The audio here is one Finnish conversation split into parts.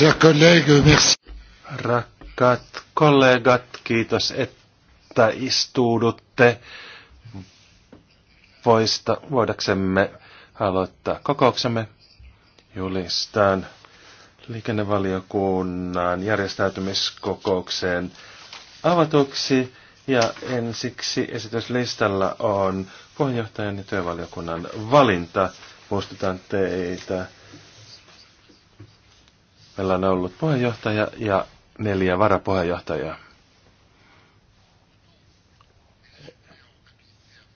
Chers collègues, merci. Rakkaat kollegat, kiitos, että istuudutte. Voista, voidaksemme aloittaa kokouksemme. Julistan liikennevaliokunnan järjestäytymiskokoukseen avatuksi. Ja ensiksi esityslistalla on puheenjohtajan ja työvaliokunnan valinta. Muistutan teitä Meillä on ollut puheenjohtaja ja neljä varapuheenjohtajaa.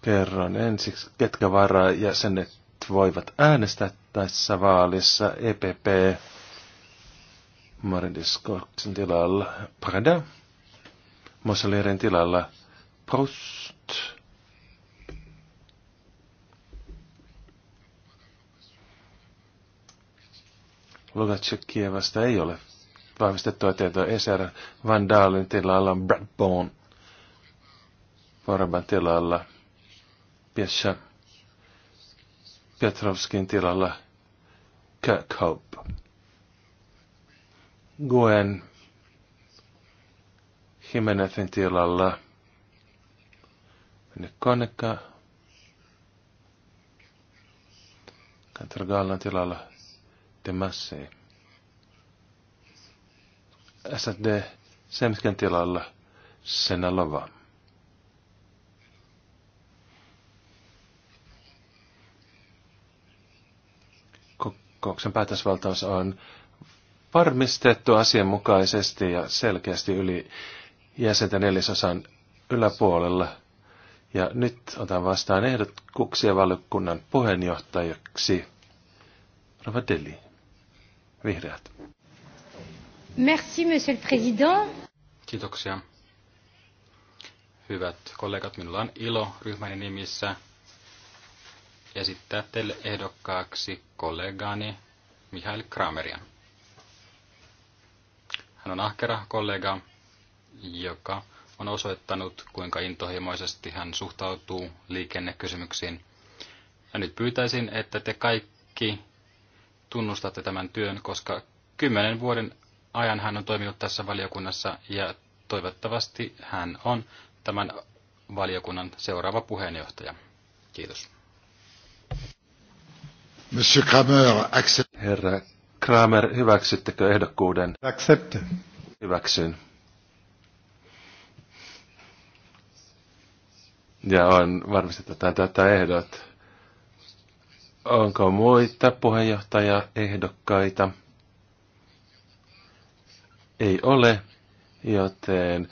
Kerron ensiksi, ketkä varajäsenet voivat äänestää tässä vaalissa. EPP Marindis tilalla Prada, Mosalirin tilalla Proust, Kievasta ei ole vahvistettua tietoa. Eser Van Daalin tilalla, Bradbone Vorban tilalla, Piesha Petrovskin tilalla, Kirkhope. Guen Jimenezin tilalla, Mene Koneka, Kantargallan tilalla, sitten massi. SD sen tilalla Senalova. Kokouksen päätösvaltaus on varmistettu asianmukaisesti ja selkeästi yli jäsentä neljäsosan yläpuolella. Ja nyt otan vastaan ehdotuksia valiokunnan puheenjohtajaksi. Ravadeli. Vihreät. Merci, monsieur le président. Kiitoksia. Hyvät kollegat, minulla on ilo ryhmäni nimissä esittää teille ehdokkaaksi kollegaani Mihail Kramerian. Hän on ahkera kollega, joka on osoittanut, kuinka intohimoisesti hän suhtautuu liikennekysymyksiin. Ja nyt pyytäisin, että te kaikki tunnustatte tämän työn, koska kymmenen vuoden ajan hän on toiminut tässä valiokunnassa ja toivottavasti hän on tämän valiokunnan seuraava puheenjohtaja. Kiitos. Monsieur Kramer, accept. Herra Kramer, hyväksyttekö ehdokkuuden? Accept. Hyväksyn. Ja on että tämä ehdot. Onko muita puheenjohtajaehdokkaita? Ei ole, joten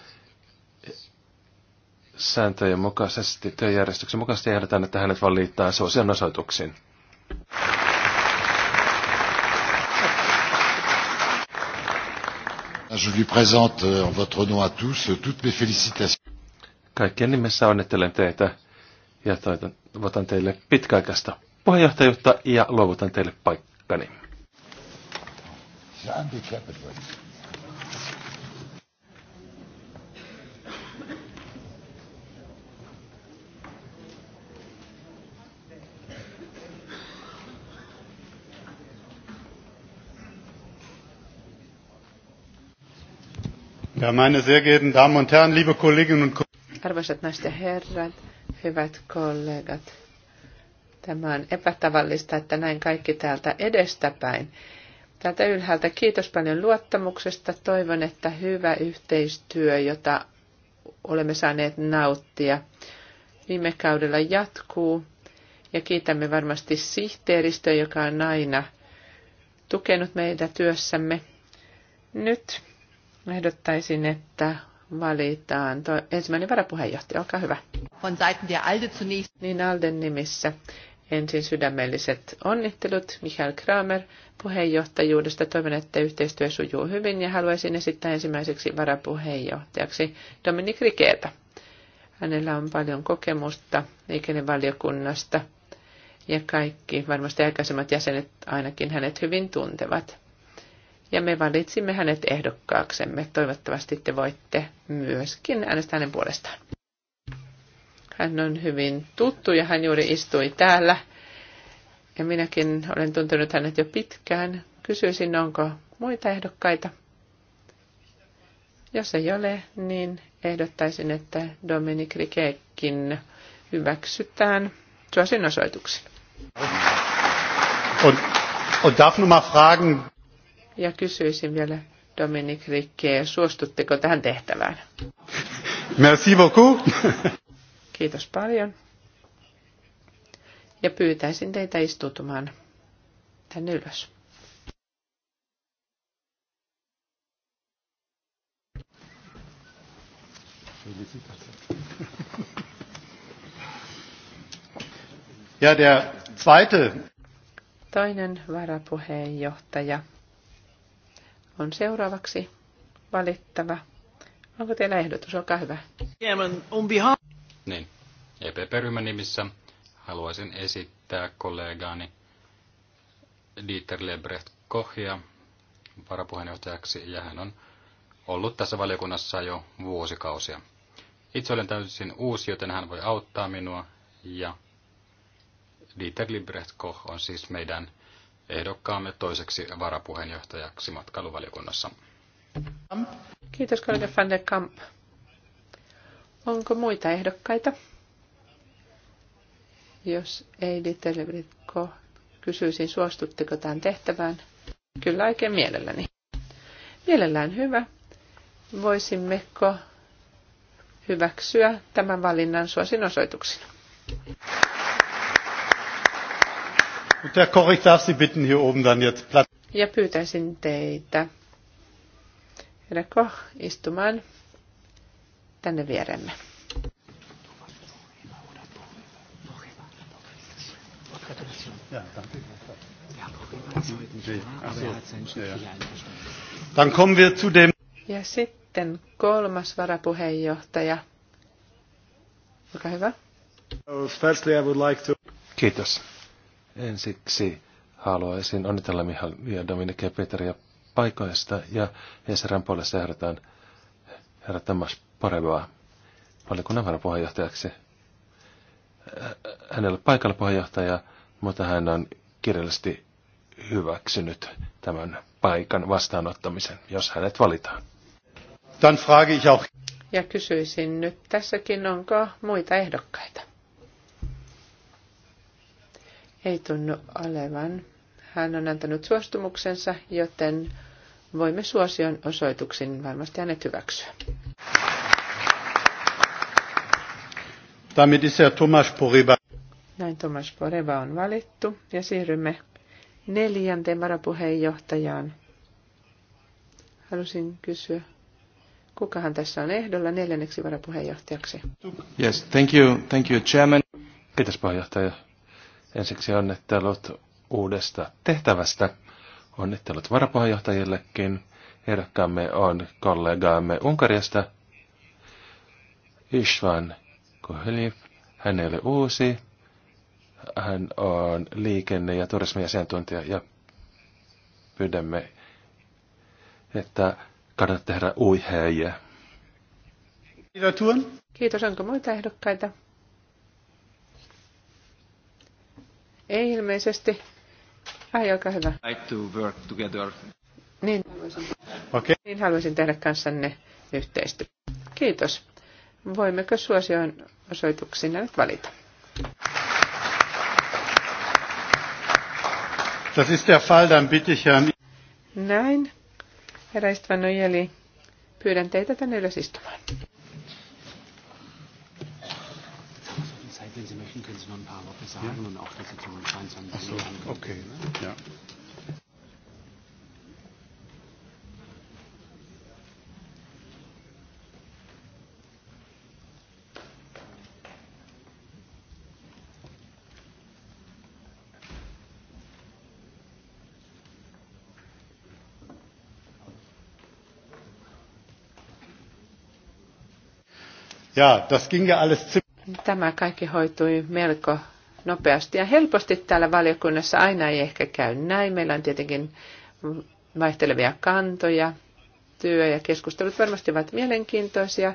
sääntöjen mukaisesti, työjärjestyksen mukaisesti ehdotan, että hänet valitaan suosion osoituksiin. Je lui présente euh, en votre nom à tous toutes mes félicitations. Kaikkien nimessä onnittelen teitä ja toivotan teille pitkäaikaista puheenjohtajuutta ja luovutan teille paikkani. Ja, meine sehr geehrten Damen und Herren, liebe Kolleginnen und Kollegen. Arvoisat naiset ja herrat, hyvät kollegat. Tämä on epätavallista, että näin kaikki täältä edestäpäin. Täältä ylhäältä kiitos paljon luottamuksesta. Toivon, että hyvä yhteistyö, jota olemme saaneet nauttia, viime kaudella jatkuu. Ja kiitämme varmasti sihteeristöä, joka on aina tukenut meitä työssämme. Nyt ehdottaisin, että valitaan. Tuo ensimmäinen varapuheenjohtaja, olkaa hyvä. Von der Alde zunächst. Niin Alden nimissä. Ensin sydämelliset onnittelut Michael Kramer puheenjohtajuudesta. Toivon, että yhteistyö sujuu hyvin ja haluaisin esittää ensimmäiseksi varapuheenjohtajaksi Dominik Rikeetä. Hänellä on paljon kokemusta liikennevaliokunnasta ja kaikki, varmasti aikaisemmat jäsenet ainakin hänet hyvin tuntevat. Ja me valitsimme hänet ehdokkaaksemme. Toivottavasti te voitte myöskin äänestää hänen puolestaan. Hän on hyvin tuttu ja hän juuri istui täällä. Ja minäkin olen tuntenut hänet jo pitkään. Kysyisin, onko muita ehdokkaita. Jos ei ole, niin ehdottaisin, että Dominik Rikekin hyväksytään suosin osoituksen. Und, und darf nur mal fragen. Ja kysyisin vielä Dominik Rikke, suostutteko tähän tehtävään? Merci beaucoup. Kiitos paljon. Ja pyytäisin teitä istutumaan tänne ylös. Ja der zweite. Toinen varapuheenjohtaja on seuraavaksi valittava. Onko teillä ehdotus? Olkaa hyvä. On behalf ryhmän nimissä haluaisin esittää kollegaani Dieter Lebrecht Kohia varapuheenjohtajaksi, ja hän on ollut tässä valiokunnassa jo vuosikausia. Itse olen täysin uusi, joten hän voi auttaa minua, ja Dieter Lebrecht Koch on siis meidän ehdokkaamme toiseksi varapuheenjohtajaksi matkailuvaliokunnassa. Kiitos kollega van der Kamp. Onko muita ehdokkaita? Jos ei Littelebritko, kysyisin, suostutteko tähän tehtävään? Kyllä oikein mielelläni. Mielellään hyvä. Voisimmeko hyväksyä tämän valinnan suosin osoituksina? Ja pyytäisin teitä, herra Koch, istumaan tänne vieremme. Ja, Ja, sitten kolmas varapuheenjohtaja. Olkaa hyvä. Uh, firstly, I would like to... Kiitos. Ensiksi haluaisin onnitella Mihal ja Dominik ja Peteria paikoista ja Jeserän puolesta ehdotan herra Tomas Porevaa valiokunnan varapuheenjohtajaksi. Hänellä paikalla puheenjohtaja mutta hän on kirjallisesti hyväksynyt tämän paikan vastaanottamisen, jos hänet valitaan. Dann frage ich auch. Ja kysyisin nyt tässäkin, onko muita ehdokkaita? Ei tunnu olevan. Hän on antanut suostumuksensa, joten voimme suosion osoituksin varmasti hänet hyväksyä. Damit ist Herr Thomas Puriba. Näin Tomas Poreva on valittu ja siirrymme neljänteen varapuheenjohtajaan. Halusin kysyä, kukahan tässä on ehdolla neljänneksi varapuheenjohtajaksi? Yes, thank you, thank you, chairman. Kiitos puheenjohtaja. Ensiksi onnittelut uudesta tehtävästä. Onnittelut varapuheenjohtajillekin. Ehdokkaamme on kollegaamme Unkarista, Istvan Kohli. Hän ei ole uusi, hän on liikenne- ja turismiasiantuntija ja pyydämme, että kannattaa tehdä uiheja. Kiitos. Onko muita ehdokkaita? Ei ilmeisesti. Ai, olkaa hyvä. Like to work together. Niin haluaisin, okay. niin haluaisin tehdä kanssanne yhteistyötä. Kiitos. Voimmeko suosion osoituksina nyt valita? Das ist der Fall, dann bitte ich Herrn... Nein, Herra Istvan pyydän teitä tänne ylös istumaan. wenn Sie möchten, können Sie noch ein paar Worte sagen ja. und auch, dass Sie zum okay. Ja. Ja, das ging ja alles Tämä kaikki hoitui melko nopeasti ja helposti täällä valiokunnassa aina ei ehkä käy näin. Meillä on tietenkin vaihtelevia kantoja, työ ja keskustelut varmasti ovat mielenkiintoisia.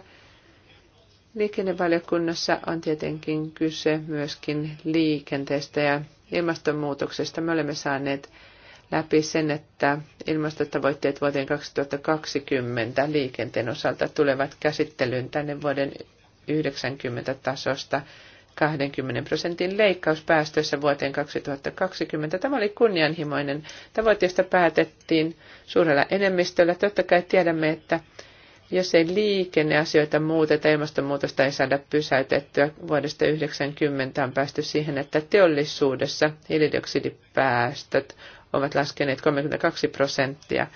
Liikennevaliokunnassa on tietenkin kyse myöskin liikenteestä ja ilmastonmuutoksesta. Me olemme saaneet läpi sen, että ilmastotavoitteet vuoteen 2020 liikenteen osalta tulevat käsittelyyn tänne vuoden 90 tasosta 20 prosentin leikkaus päästöissä vuoteen 2020. Tämä oli kunnianhimoinen tavoite, josta päätettiin suurella enemmistöllä. Totta kai tiedämme, että jos ei liikenneasioita muuteta, ilmastonmuutosta ei saada pysäytettyä. Vuodesta 90 on päästy siihen, että teollisuudessa hiilidioksidipäästöt ovat laskeneet 32 prosenttia,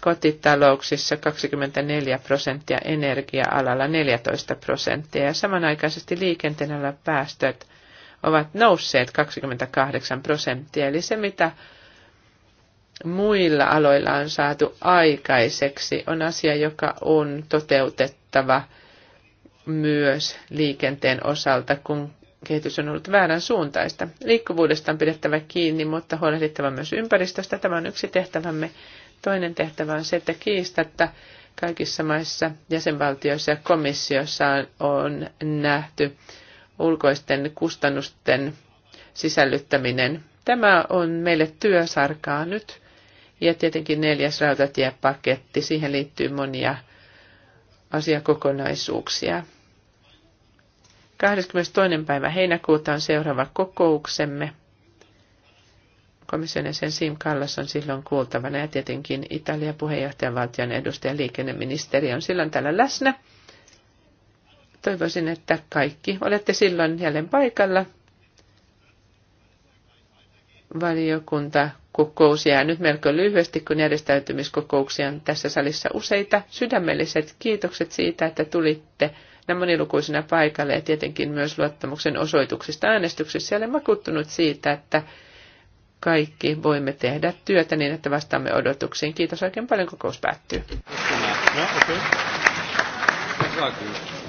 kotitalouksissa 24 prosenttia, energia-alalla 14 prosenttia ja samanaikaisesti liikenteen alalla päästöt ovat nousseet 28 prosenttia, eli se mitä muilla aloilla on saatu aikaiseksi, on asia, joka on toteutettava myös liikenteen osalta, kun kehitys on ollut väärän suuntaista. Liikkuvuudesta on pidettävä kiinni, mutta huolehdittava myös ympäristöstä. Tämä on yksi tehtävämme. Toinen tehtävä on se, että kiistatta kaikissa maissa, jäsenvaltioissa ja komissiossa on nähty ulkoisten kustannusten sisällyttäminen. Tämä on meille työsarkaa nyt. Ja tietenkin neljäs rautatiepaketti, siihen liittyy monia asiakokonaisuuksia. 22. päivä heinäkuuta on seuraava kokouksemme. Komission jäsen Sim Kallas on silloin kuultavana ja tietenkin Italia puheenjohtajavaltion edustaja liikenneministeri on silloin täällä läsnä. Toivoisin, että kaikki olette silloin jälleen paikalla. Valiokunta kokous jää nyt melko lyhyesti, kun järjestäytymiskokouksia on tässä salissa useita. Sydämelliset kiitokset siitä, että tulitte nämä monilukuisina paikalle ja tietenkin myös luottamuksen osoituksista äänestyksessä. Olen vakuuttunut siitä, että kaikki voimme tehdä työtä niin, että vastaamme odotuksiin. Kiitos oikein paljon, kokous päättyy. No, okay.